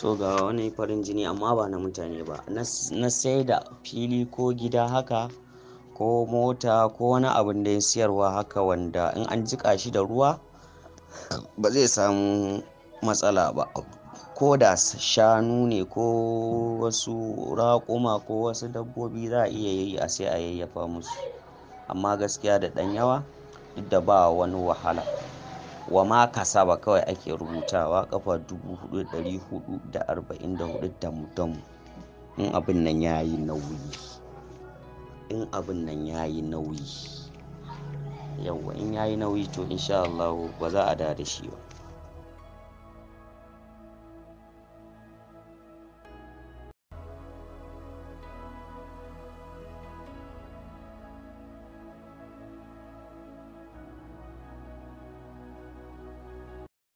to ga wani farin jini amma ba na mutane ba na sai da fili ko gida haka ko mota ko wani abin da ya siyarwa haka wanda in an jika shi da ruwa ba zai samu matsala ba ko da shanu ne ko wasu raƙuma ko wasu dabbobi za a iya yi a sai a yayyafa musu amma gaskiya da ɗan yawa duk da ba wani wahala wa ma kasaba kawai ake rubutawa kafa 4444 damu-damu in abin nan ya yi nauyi in abin nan ya yi nauyi yawwa in ya yi nauyi to insha Allah ba za a da da shi ba